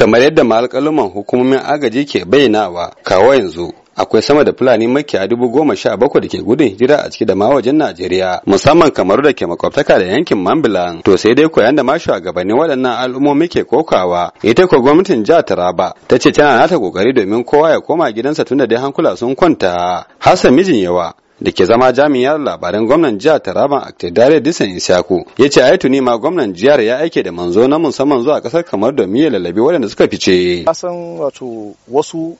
kamar yadda ma'alƙaluman hukumomin agaji ke bayyanawa kawo yanzu akwai sama da fulani makiya dubu goma sha bakwai da ke gudun hijira a ciki da ma wajen Najeriya musamman kamar da ke makwabtaka da yankin Mambilan to sai dai koyan da ma shugabannin waɗannan al'ummomi ke kokawa ita ko gwamnatin jihar Taraba ta ce tana nata kokari domin kowa ya koma gidansa tunda dai hankula sun kwanta Hassan mijin yawa da ke zama jami'ar labaran gwamnan jihar Taraba Aktedare Disan isaku ya ce ai tuni ma gwamnan jihar ya aike da manzo na musamman zuwa kasar kamar da miya lalabe waɗanda suka fice. Kasan wato wasu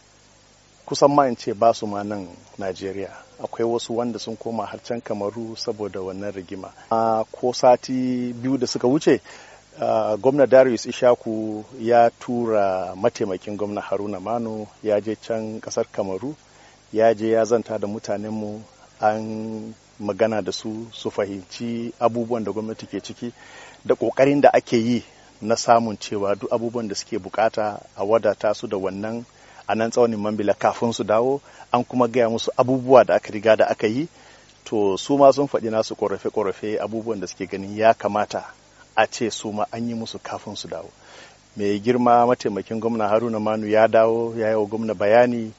kusan ma in ce ba su ma nan Najeriya akwai wasu wanda sun koma har can kamaru saboda wannan rigima. ko sati biyu da suka wuce Uh, gwamna darius ishaku ya tura mataimakin gwamna haruna mano ya je can kasar kamaru ya je ya zanta da mutanenmu an magana da su su fahimci abubuwan da gwamnati ke ciki da ƙoƙarin da ake yi na samun cewa duk abubuwan da suke bukata a wadata su da wannan a nan tsaunin mambila kafin su dawo an kuma gaya musu abubuwa da aka riga da aka yi to su ma sun faɗi nasu ƙorafe-ƙorafe abubuwan da suke ganin ya kamata a ce su ma an yi musu kafin su dawo mai girma mataimakin gwamna haruna manu ya dawo ya yi wa gwamna bayani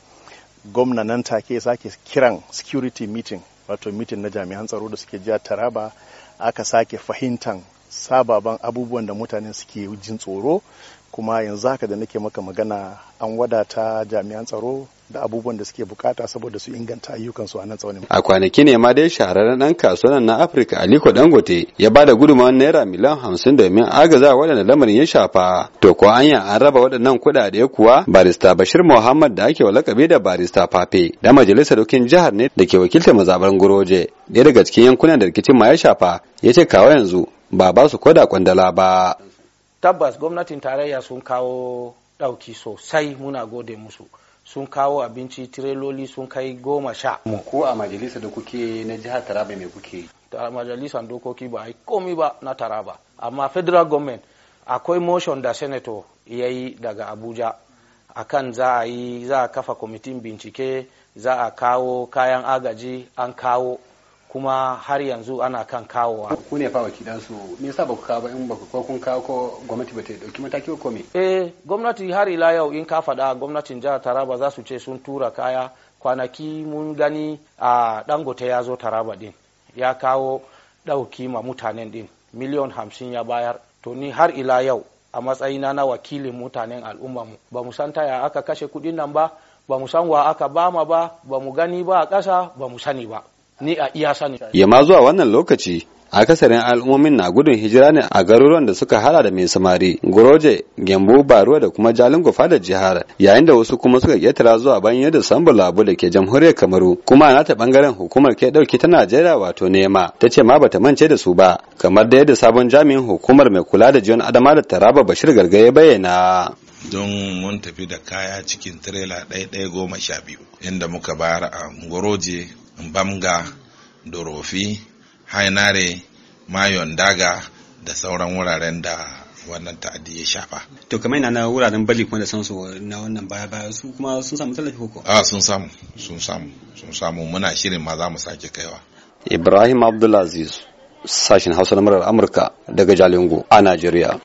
gwamna nan take sake kiran security meeting wato meeting na jami'an tsaro da suke jiya taraba aka sake fahimtan sababan abubuwan da mutane suke jin tsoro kuma yanzu haka da nake maka magana an wadata jami'an tsaro da abubuwan da suke bukata saboda su inganta ayyukansu a nan tsaunin. A kwanaki ne ma dai shahararren ɗan nan na Afirka Aliko Dangote ya ba da gudunmawar naira miliyan hamsin domin agaza waɗanda lamarin ya shafa. To ko anya an raba waɗannan kuɗaɗe kuwa barista Bashir Muhammad da ake lakabi da barista Fafe da majalisar dokin jihar ne da ke wakiltar mazabar Guroje ɗaya daga cikin yankunan da rikicin ma ya shafa ya ce kawo yanzu ba ba su koda kwandala ba. tabbas gwamnatin tarayya sun kawo ɗauki sosai muna gode musu sun kawo abinci tireloli sun kai goma sha. ko a majalisa da kuke na jihar taraba mai kuke majalisar dokoki ba a yi komi ba na taraba amma federal government akwai motion da senator ya yi daga abuja akan za a yi za a kafa kwamitin bincike za a kawo kayan agaji an kawo kuma har yanzu ana kan kawowa. Ku ne kidan su me yasa ba ku kawo in ba ko kun kawo ko gwamnati ba ta dauki mataki ko me? Eh gwamnati har ila yau in ka faɗa gwamnatin jihar Taraba za su ce sun tura kaya kwanaki mun gani a Dangote ya zo Taraba din ya kawo ɗauki ma mutanen din miliyon hamsin ya bayar to ni har ila yau a matsayina na wakilin mutanen mu ba mu san taya aka kashe kudin nan ba ba mu san wa aka bama ba ba mu gani ba a ƙasa ba mu sani ba ni a iya sani yamma zuwa wannan lokaci akasarin al'ummomin na gudun hijira ne a garuruwan da suka hada da mai samari goroje gembu baruwa da kuma jalingo fada jihar yayin da wasu kuma suka ketara zuwa banyo da sambu labu da ke jamhuriyar kamaru kuma a nata bangaren hukumar ke ɗauki ta najeriya wato nema ta ce ma bata mance da su ba kamar da yadda sabon jami'in hukumar mai kula da jiyon adama da taraba bashir gargaye bayyana don mun tafi da kaya cikin tirela ɗaya ɗaya goma sha biyu inda muka bayar a goroje bamga dorofi hainare mayon daga da sauran wuraren da wannan ta'addi ya shafa. To kamar yana na wuraren bali kuma da san su na wannan baya baya su kuma sun samu tallafi ko? A ah, sun samu sun samu sun samu muna shirin ma za mu sake kaiwa. Ibrahim Abdulaziz sashin Hausa na murar Amurka daga Jalingo a Najeriya.